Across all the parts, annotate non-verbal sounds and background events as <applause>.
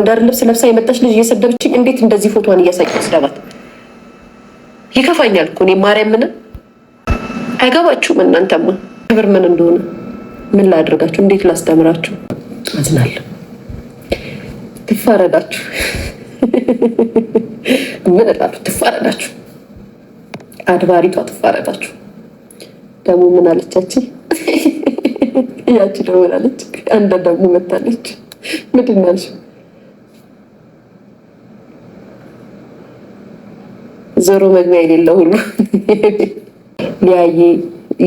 አንዳር ልብስ ለብሳ የመጣች ልጅ እየሰደበችኝ እንዴት እንደዚህ ፎቶዋን እያሳየሁ ስደባት ይከፋኛል እኮ እኔ ማርያምን። አይገባችሁም እናንተማ ክብር ምን እንደሆነ ምን ላድርጋችሁ? እንዴት ላስተምራችሁ? አዝናለሁ። ትፋረዳችሁ፣ <laughs> ምን እላለሁ? ትፋረዳችሁ፣ አድባሪቷ ትፋረዳችሁ። ደግሞ ምን አለቻችን? <laughs> ያቺ ደግሞ ምን አለች? አንዳ ደግሞ መታለች። ምንድን ነው ያልሽው? ዞሮ መግቢያ የሌለ ሁሉ ሊያይ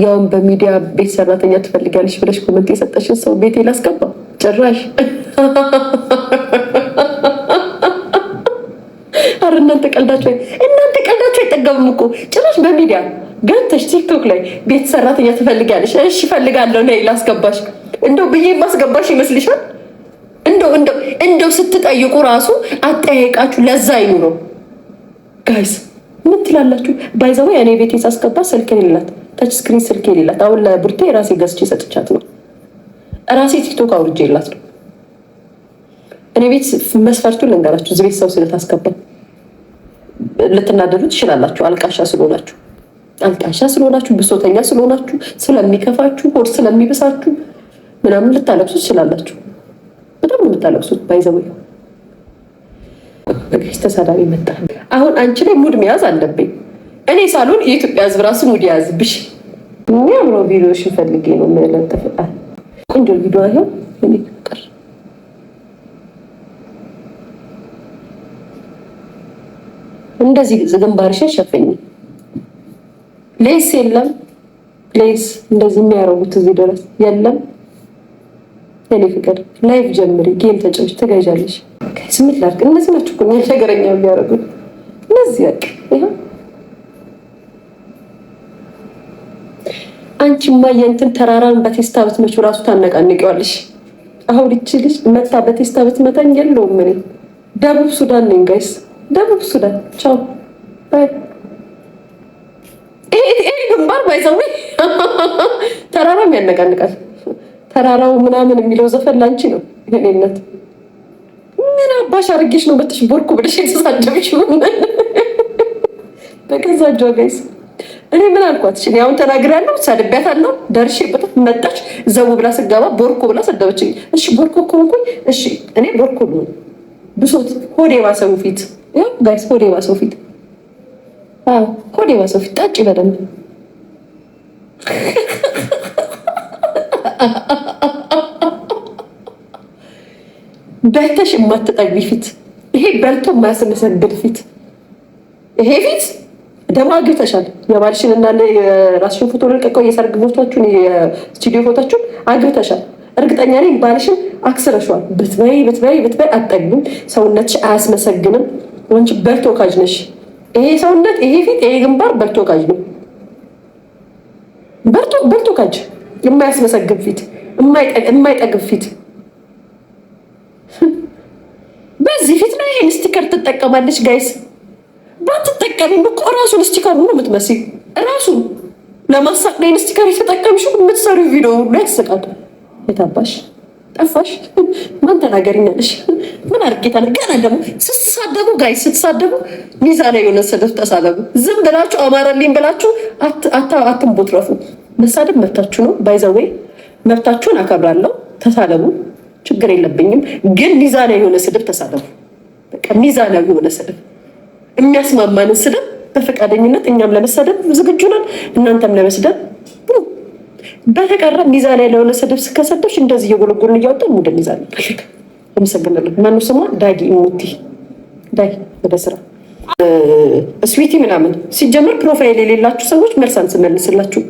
ያውን በሚዲያ ቤት ሰራተኛ ትፈልጋለች ብለሽ ኮመንት የሰጠሽን ሰው ቤቴ ላስገባ ጭራሽ አረ እናንተ ቀልዳቸው እናንተ ቀልዳቸው አይጠገብም እኮ ጭራሽ በሚዲያ ገብተሽ ቲክቶክ ላይ ቤት ሰራተኛ ትፈልጋለች እሺ እፈልጋለሁ ነይ ላስገባሽ እንደው ብዬ ማስገባሽ ይመስልሻል እንደው እንደው እንደው ስትጠይቁ ራሱ አጠያየቃችሁ ለዛ ይኑ ነው ጋይስ ምን ትላላችሁ? ባይዘወይ እኔ ቤት ሳስገባ ስልክ የሌላት ታች ስክሪን ስልክ የሌላት አሁን ለቡርቴ ራሴ ገዝቼ ሰጥቻት ነው። ራሴ ቲክቶክ አውርጄ የላት ነው። እኔ ቤት መስፈርቱ ልንገራችሁ። እዚህ ቤት ሰው ስለታስገባ ልትናደዱ ትችላላችሁ። አልቃሻ ስለሆናችሁ አልቃሻ ስለሆናችሁ፣ ብሶተኛ ስለሆናችሁ፣ ስለሚከፋችሁ፣ ሆድ ስለሚብሳችሁ ምናምን ልታለቅሱ ትችላላችሁ። በጣም ነው የምታለቅሱት። ባይዘወይ ተሳዳቢ መጣ። አሁን አንቺ ላይ ሙድ መያዝ አለብኝ እኔ ሳሉን የኢትዮጵያ ሕዝብ ራሱ ሙድ የያዝብሽ የሚያምረው ቪዲዮሽ ፈልጌ ነው የሚለጥፍቃል ቆንጆ ቪዲዮ ይኸው ፍቅር እንደዚህ ግንባርሽን ሸፈኝ። ሌስ የለም ሌስ እንደዚህ የሚያረጉት እዚህ ድረስ የለም። የኔ ፍቅር ላይፍ ጀምሪ፣ ጌም ተጫዎች ትገዣለሽ። ስምት ላድርግ። እነዚህ ናቸው እኮ ነገረኛ የሚያደርጉት። እንደዚህ በቃ ይኸው አንቺ ማየንትን ተራራን በቴስታ ብትመቹ ራሱ ታነቃንቀዋለሽ። አሁን እቺ ልጅ መታ በቴስታ ብትመታኝ የለውም። እኔ ደቡብ ሱዳን ነኝ ጋይስ፣ ደቡብ ሱዳን ቻው ባይ። ይሄ ግንባር ባይዘው <laughs> ተራራም ያነቃንቃል። ተራራው ምናምን የሚለው ዘፈን ላንቺ ነው። እኔነት ምን አባሽ አርጌሽ ነው በትሽ ቦርኩ ብለሽ የተሳደብሽ በገዛ እጇ ጋይስ እኔ ምን አልኳት? እሺ አሁን ተናግራለሁ፣ ሰድቤያታለሁ፣ ደርሼበታል። መጣች ዘው ብላ ስገባ ቦርኮ ብላ ሰደበችኝ። እሺ ቦርኮ ከሆንኩኝ እሺ እኔ ቦርኮ ልሆን ብሶት ሆዴ ባሰው ፊት ጋይስ፣ ሆዴ ባሰው ፊት፣ ሆዴ ባሰው ፊት ጠጪ በደንብ በልተሽ የማትጠግቢ ፊት፣ ይሄ በልቶ የማያስመሰግድ ፊት፣ ይሄ ፊት ደግሞ አግብተሻል። የባልሽን እና የራስሽን ፎቶ ለቀቀው የሰርግ ፎቶችን የስቱዲዮ ፎቶችን አግብተሻል። እርግጠኛ ነኝ ባልሽን አክስረሸዋል። ብትበይ ብትበይ ብትበይ አጠግብም፣ ሰውነትሽ አያስመሰግንም። ወንጭ በርቶካጅ ነሽ። ይሄ ሰውነት፣ ይሄ ፊት፣ ይሄ ግንባር በርቶካጅ ነው። በርቶካጅ የማያስመሰግን ፊት፣ የማይጠግብ ፊት። በዚህ ፊት ነው ይሄን ስቲከር ትጠቀማለች ጋይስ ባትጠቀሚም እኮ እራሱን ስቲከሩ ነው የምትመስይ። እራሱን ለማሳቅዳይን ስቲከር የተጠቀምሽ የምትሰሩ ቪዲዮ ሁሉ ያስቃል። የታባሽ ጠፋሽ። ማን ተናገሪኛለሽ? ምን አርጌታለ? ገና ደግሞ ስትሳደቡ፣ ጋይ ስትሳደቡ ሚዛ ላይ የሆነ ስድብ ተሳደቡ። ዝም ብላችሁ አማራልኝ ብላችሁ አትንቦትረፉ። መሳደብ መብታችሁ ነው። ባይዘወይ መብታችሁን አከብራለሁ። ተሳደቡ፣ ችግር የለብኝም። ግን ሚዛና የሆነ ስድብ ተሳደቡ። በቃ ሚዛናዊ የሆነ ስድብ የሚያስማማንን ስድብ በፈቃደኝነት እኛም ለመሳደብ ዝግጁ ነን፣ እናንተም ለመስደብ በተቀረ ሚዛን ላይ ለሆነ ስድብ ስከሰደብሽ እንደዚህ እየጎለጎልን እያወጣን ሙድ ሚዛን አመሰግናለሁ። ማኑ ስሟ ዳጊ ሙቲ ዳጊ ወደ ስራ ስዊቲ ምናምን። ሲጀመር ፕሮፋይል የሌላችሁ ሰዎች መልሳን ስመልስላችሁ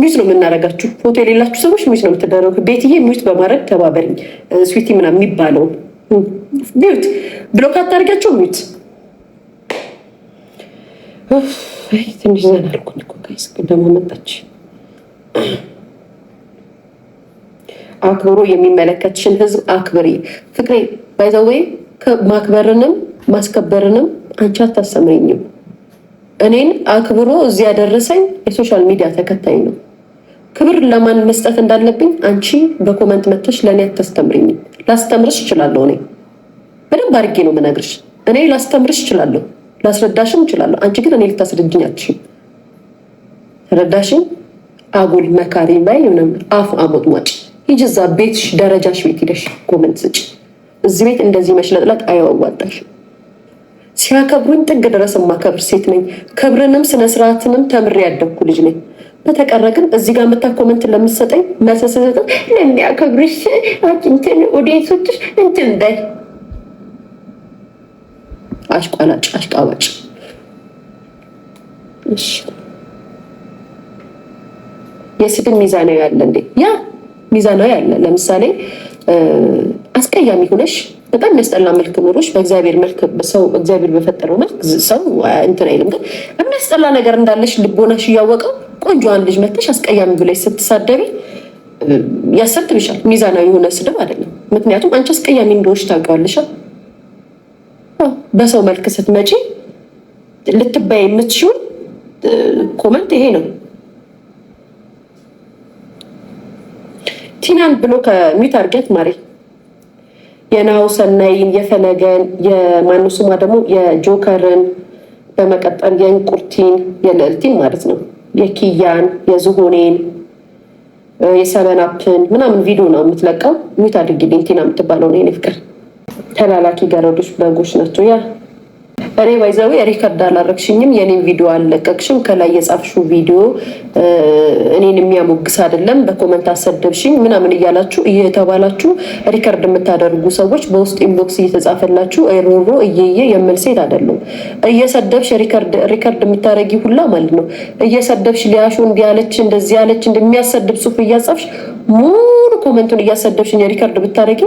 ሚዩት ነው የምናደርጋችሁ። ፎቶ የሌላችሁ ሰዎች ሚዩት ነው የምትደረጉ። ቤትዬ ሚዩት በማድረግ ተባበሪኝ። ስዊቲ ምናምን የሚባለው ሚዩት ብሎክ አታደርጋቸው ሚዩት ትንሽ ዘና አልኩኝ እኮ ጋይስ፣ ግን ደግሞ መጣች። አክብሮ የሚመለከትሽን ህዝብ አክብሪ። ፍቅሬ ባይዘወይ ማክበርንም ማስከበርንም አንቺ አታሰምኝም። እኔን አክብሮ እዚህ ያደረሰኝ የሶሻል ሚዲያ ተከታይ ነው። ክብር ለማን መስጠት እንዳለብኝ አንቺ በኮመንት መተሽ ለእኔ አታስተምርኝም። ላስተምርሽ እችላለሁ። እኔ በደንብ አድርጌ ነው የምነግርሽ። እኔ ላስተምርሽ እችላለሁ። ላስረዳሽም እችላለሁ። አንቺ ግን እኔ ልታስረጅኝ አትችይም። ረዳሽኝ አጉል መካሪ ላይ ሆነም አፍ አሞጥሟጭ ሂጂ እዛ ቤትሽ ደረጃሽ ቤት ሂደሽ ኮመንት ስጭ። እዚህ ቤት እንደዚህ መሽለጥለጥ አያዋጣሽም። ሲያከብሩኝ ጥግ ድረስ የማከብር ሴት ነኝ። ክብርንም ስነስርዓትንም ተምሬ ያደግኩ ልጅ ነኝ። በተቀረ ግን እዚህ ጋር መታ ኮመንት ለምሰጠኝ መሰሰሰጠ ለሚያከብርሽ አጭንትን ወደ ሴቶች እንትን በይ አሽቋላጭ አሽቃባጭ። የስድብ ሚዛናዊ ያለ እንዴ? ያ ሚዛናዊ ያለ። ለምሳሌ አስቀያሚ ሆነሽ በጣም የሚያስጠላ መልክ ኖሮች በእግዚአብሔር መልክ ሰው እግዚአብሔር በፈጠረው መልክ ሰው እንትን አይልም፣ ግን የሚያስጠላ ነገር እንዳለሽ ልቦናሽ እያወቀው አንድ ልጅ መተሽ አስቀያሚ ብለሽ ስትሳደቢ ያሰትብሻል። ሚዛናዊ የሆነ ስድብ አይደለም። ምክንያቱም አንቺ አስቀያሚ እንደሆንሽ ታውቂዋለሻል። በሰው መልክ ስትመጪ ልትባይ የምትሽው ኮመንት ይሄ ነው። ቲናን ብሎ ከሚት አርጌት ማሪ የናው ሰናይን የፈለገን የማኑ ስሟ ደግሞ የጆከርን በመቀጠል የእንቁርቲን የልዕልቲን ማለት ነው የኪያን የዝሆኔን የሰበናፕን ምናምን ቪዲዮ ነው የምትለቀው። ሚት አድርጊልኝ ቲና የምትባለው ነው የኔ ፍቅር። ተላላኪ ገረዶች በጎች ናቸው። ያ እኔ ባይዘዊ ሪከርድ አላረግሽኝም፣ የኔን ቪዲዮ አልለቀቅሽም። ከላይ የጻፍሽው ቪዲዮ እኔን የሚያሞግስ አይደለም፣ በኮመንት አሰደብሽኝ ምናምን እያላችሁ እየተባላችሁ ሪከርድ የምታደርጉ ሰዎች በውስጥ ኢንቦክስ እየተጻፈላችሁ ሮሮ እየየ የምል ሴት አይደለም። እየሰደብሽ ሪከርድ የምታደረጊ ሁላ ማለት ነው። እየሰደብሽ ሊያሹ እንዲያለች እንደዚህ ያለች እንደሚያሰድብ ጽሁፍ እያጻፍሽ ኮመንቱን እያሰደብሽኝ ሪከርድ ብታደረጊ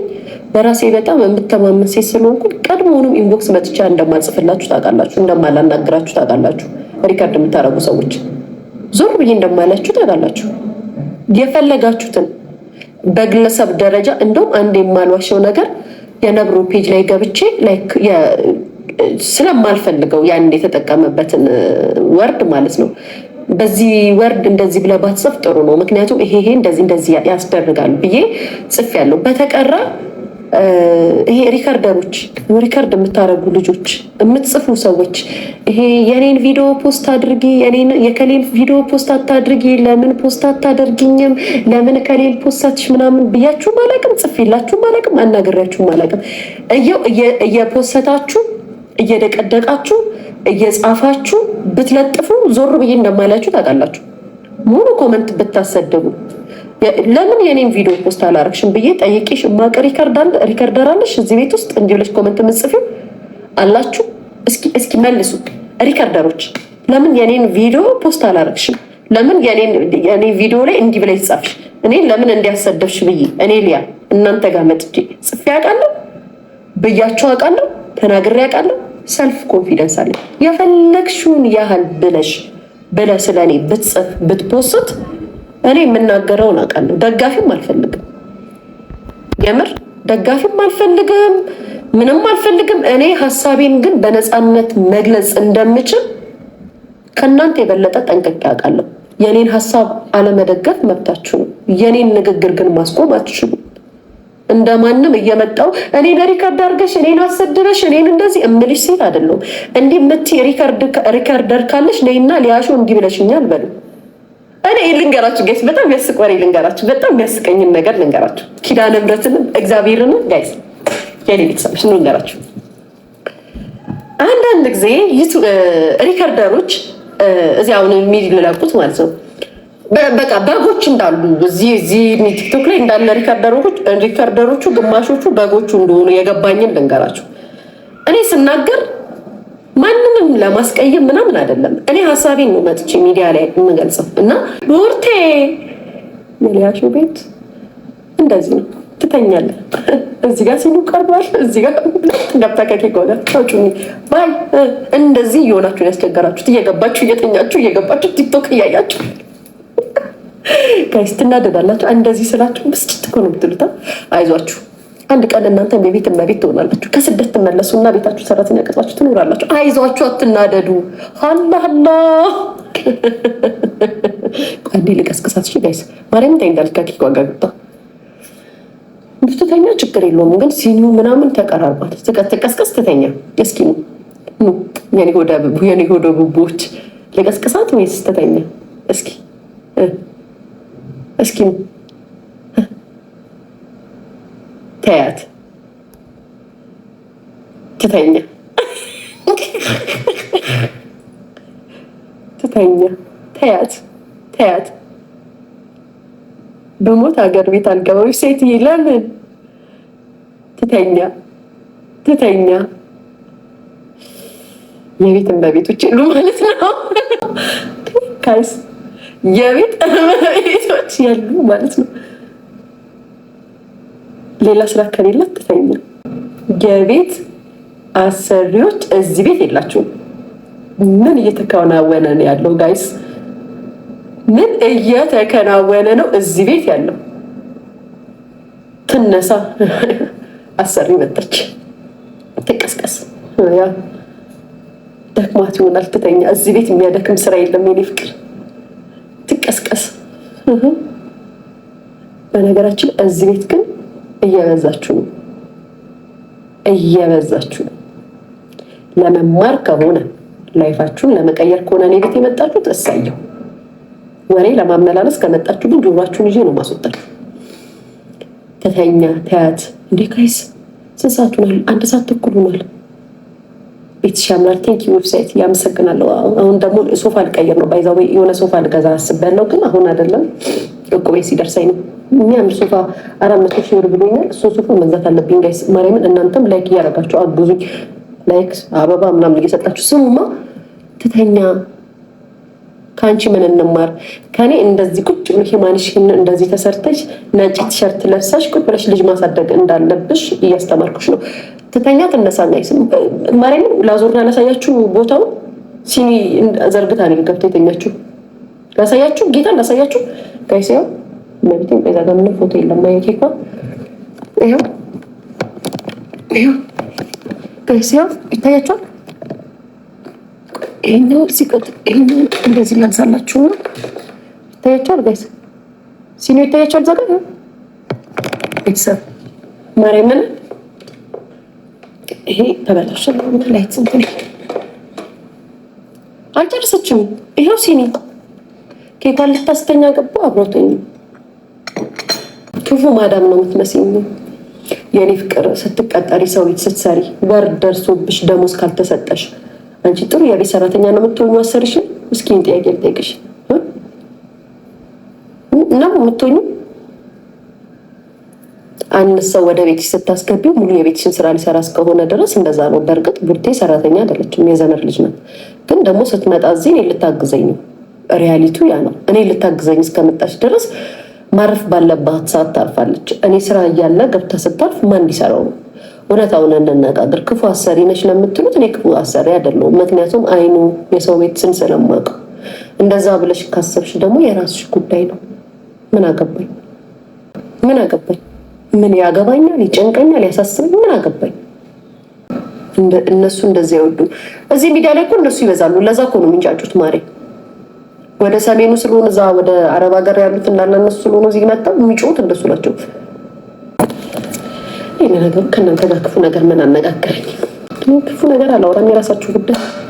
በራሴ በጣም የምተማመን ሴት ስለሆንኩ ቀድሞውንም ኢንቦክስ መጥቻ እንደማልጽፍላችሁ ታውቃላችሁ፣ እንደማላናግራችሁ ታውቃላችሁ። ሪከርድ የምታደረጉ ሰዎች ዞር ብዬ እንደማላችሁ ታውቃላችሁ። የፈለጋችሁትን በግለሰብ ደረጃ እንደውም አንድ የማልዋሸው ነገር የነብሮ ፔጅ ላይ ገብቼ ስለማልፈልገው ያን የተጠቀመበትን ወርድ ማለት ነው በዚህ ወርድ እንደዚህ ብለህ ባትጽፍ ጥሩ ነው፣ ምክንያቱም ይሄ ይሄ እንደዚህ እንደዚህ ያስደርጋል ብዬ ጽፍ ያለው። በተቀራ ይሄ ሪከርደሮች፣ ሪከርድ የምታደርጉ ልጆች፣ የምትጽፉ ሰዎች ይሄ የኔን ቪዲዮ ፖስት አድርጊ፣ የከሌን ቪዲዮ ፖስት አታድርጊ፣ ለምን ፖስት አታደርጊኝም፣ ለምን ከሌን ፖስታች ምናምን ብያችሁ ማለቅም፣ ጽፌላችሁ ማለቅም፣ አናገሪያችሁ ማለቅም እየፖሰታችሁ እየደቀደቃችሁ እየጻፋችሁ ብትለጥፉ ዞር ብዬ እንደማላችሁ ታውቃላችሁ። ሙሉ ኮመንት ብታሰደቡ ለምን የኔን ቪዲዮ ፖስት አላረግሽም ብዬ ጠይቄሽ ማቀ ሪከርደር አለሽ እዚህ ቤት ውስጥ እንዲህ ብለሽ ኮመንት ምጽፊው አላችሁ። እስኪ መልሱ ሪከርደሮች፣ ለምን የኔን ቪዲዮ ፖስት አላረግሽም? ለምን የኔ ቪዲዮ ላይ እንዲህ ብለሽ ጻፍሽ? እኔ ለምን እንዲያሰደብሽ ብዬ እኔ ሊያ እናንተ ጋር መጥቼ ጽፌ አውቃለሁ ብያቸው አውቃለሁ ተናግሬ አውቃለሁ። ሰልፍ ኮንፊደንስ አለ። የፈለግሽውን ያህል ብለሽ ብለ ስለ እኔ ብትጽፍ ብትፖስት እኔ የምናገረውን አውቃለሁ። ደጋፊም አልፈልግም፣ የምር ደጋፊም አልፈልግም፣ ምንም አልፈልግም። እኔ ሀሳቤን ግን በነፃነት መግለጽ እንደምችል ከእናንተ የበለጠ ጠንቅቄ አውቃለሁ። የኔን ሀሳብ አለመደገፍ መብታችሁ ነው። የኔን ንግግር ግን ማስቆም አትችሉም። እንደማንም እየመጣው እኔ በሪከርድ አድርገሽ እኔን አሰድበሽ እኔን እንደዚህ እምልሽ ሴት አይደለሁም። እንዲህ የምትይ ሪከርደር ካለሽ ነይና ሊያሾ እንዲህ ብለሽኛል በሉ። እኔ ልንገራችሁ ጋይስ፣ በጣም የሚያስቅ ወሬ ልንገራችሁ፣ በጣም የሚያስቀኝን ነገር ልንገራችሁ። ኪዳነ ምሕረትንም እግዚአብሔርን ጋይስ፣ የኔ ቤተሰቦች ልንገራችሁ። አንዳንድ ጊዜ ሪከርደሮች እዚህ አሁን የሚለቁት ማለት ነው በቃ በጎች እንዳሉ እዚህ እዚህ ቲክቶክ ላይ እንዳለ ሪከርደሮች ሪከርደሮቹ ግማሾቹ በጎቹ እንደሆኑ የገባኝን ልንገራቸው። እኔ ስናገር ማንንም ለማስቀየም ምናምን አይደለም። እኔ ሀሳቤን ነው መጥቼ ሚዲያ ላይ የምገልጸው እና ቡርቴ የሊያሹ ቤት እንደዚህ ነው ትተኛለ እዚህ ጋር ሲሉ ቀርቧል። እዚህ ጋር ገብተከኪ ከሆነ ታውጩ ባይ እንደዚህ እየሆናችሁ ያስቸገራችሁት እየገባችሁ እየተኛችሁ እየገባችሁ ቲክቶክ እያያችሁ ጋይስ ትናደዳላችሁ። እንደዚህ ስላችሁ ብስጭት እኮ ነው የምትሉት። አይዟችሁ አንድ ቀን እናንተ የቤት እመቤት ትሆናላችሁ። ከስደት ትመለሱ እና ቤታችሁ ሰራተኛ ቀጥራችሁ ትኖራላችሁ። አይዟችሁ፣ አትናደዱ። ሀላ ሀላ አንዴ ልቀስቅሳት። እሺ ጋይስ ማርያም ታይ እንዳልካ ኬክ ዋጋ ብትተኛ ችግር የለውም ግን ሲኒው ምናምን ተቀራርቧል። ትቀስቀስ ትተኛ። እስኪ የኔ ሆደ ቡቦች ልቀስቅሳት ወይስ ትተኛ? እስኪ እስኪ ተያት ትተኛ ትተኛ ተያት ተያት በሞት ሀገር ቤት አልገባም። ሴትዬ ለምን ትተኛ ትተኛ? የቤትን በቤቶች የሉ ማለት ነው። <laughs> የቤት እመቤቶች ያሉ ማለት ነው። ሌላ ስራ ከሌለ ትተኛ። የቤት አሰሪዎች እዚህ ቤት የላችሁም። ምን እየተከናወነ ነው ያለው? ጋይስ ምን እየተከናወነ ነው እዚህ ቤት ያለው? ትነሳ <laughs> አሰሪ መጣች፣ ትቀስቀስ። ደክማት ይሆናል ትተኛ። እዚህ ቤት የሚያደክም ስራ የለም የኔ ፍቅር መቀስቀስ። በነገራችን እዚህ ቤት ግን እየበዛችሁ ነው፣ እየበዛችሁ ነው። ለመማር ከሆነ ላይፋችሁን ለመቀየር ከሆነ እኔ ቤት የመጣችሁት እሳየው። ወሬ ለማመላለስ ከመጣችሁ ግን ጆሯችሁን ይዤ ነው ማስወጣት። ተተኛ ተያት እንዴ! ጋይስ ስንት ሰዓት ሆኗል? አንድ ሰዓት ተኩል ሆኗል። ቤትሽ ያምራል። ዌብሳይት ያመሰግናለሁ። አሁን ደግሞ ሶፋ ልቀይር ነው ባይዛ የሆነ ሶፋ ልገዛ አስቤያለሁ፣ ግን አሁን አይደለም እቁቤ ሲደርስ ነው። የሚያምር ሶፋ አራት መቶ ሺህ ብር ብሎኛል። እሱ ሶፋ መግዛት አለብኝ ጋይስ። ማርያምን እናንተም ላይክ እያደረጋችሁ አግዙኝ። ላይክ አበባ ምናምን እየሰጣችሁ ስሙማ ትተኛ ከአንቺ ምን እንማር? ከኔ እንደዚህ ቁጭ ብሎ ሂማንሽን እንደዚህ ተሰርተሽ ነጭ ቲሸርት ለብሳሽ ቁጭ ብለሽ ልጅ ማሳደግ እንዳለብሽ እያስተማርኩሽ ነው። ስተኛ ትነሳና ማርያም ላዞር ላሳያችሁ ቦታው ሲኒ ዘርግታ ነው ገብታ የተኛችሁ። ላሳያችሁ ጌታ ላሳያችሁ ጋይስ ያው መብትም ዛ ጋ ምንም ፎቶ የለም። ማየት ይኳ ይኸው ይኸው ጋይስ ያው ይታያችኋል። ይሄኛው ሲቀጥል ይሄኛው እንደዚህ ላንሳላችሁ ነው። ይታያችኋል ጋይስ ሲኒ ይታያችኋል። ዛጋ ቤተሰብ ማርያምን ይሄ በበላሽ ላይት ስንት ነው? ይሄው ሲኒ ኬኳን ልታስተኛ ገባ አብሮተኝ። ክፉ ማዳም ነው የምትመስኝ የኔ ፍቅር። ስትቀጠሪ ሰው ቤት ስትሰሪ ወር ደርሶብሽ ደሞዝ ካልተሰጠሽ አንቺ ጥሩ የቤት ሰራተኛ ነው የምትሆኙ። አሰርሽ ምስኪን ጥያቄ ልጠይቅሽ ነው የምትሆኙ አንድ ሰው ወደ ቤት ስታስገቢ ሙሉ የቤትሽን ስራ ሊሰራ እስከሆነ ድረስ እንደዛ ነው። በእርግጥ ቡርቴ ሰራተኛ አይደለችም፣ የዘመድ ልጅ ናት። ግን ደግሞ ስትመጣ እዚህ እኔ ልታግዘኝ ነው። ሪያሊቱ ያ ነው። እኔ ልታግዘኝ እስከመጣች ድረስ ማረፍ ባለባት ሰዓት ታርፋለች። እኔ ስራ እያለ ገብታ ስታርፍ ማን እንዲሰራው ነው? እውነታውን እንነጋገር። ክፉ አሰሪ ነች ለምትሉት እኔ ክፉ አሰሪ አይደለሁም። ምክንያቱም አይኑ የሰው ቤት ስን ስለማውቅ፣ እንደዛ ብለሽ ካሰብሽ ደግሞ የራስሽ ጉዳይ ነው። ምን አገባኝ ምን አገባኝ። ምን ያገባኛል? ይጨንቀኛል፣ ያሳስበኝ፣ ምን አገባኝ? እነሱ እንደዚያ ይወዱ። እዚህ ሚዲያ ላይ እኮ እነሱ ይበዛሉ። ለዛ እኮ ነው የሚንጫጩት ማሬ ወደ ሰሜኑ ስለሆነ እዛ ወደ አረብ ሀገር ያሉት እንዳለ እነሱ ስለሆኑ እዚህ መጣው የሚጮት እንደሱ ናቸው። ይህ ነገሩ ከእናንተ ጋር ክፉ ነገር ምን አነጋገረኝ? ክፉ ነገር አላወራም። የራሳችሁ ጉዳይ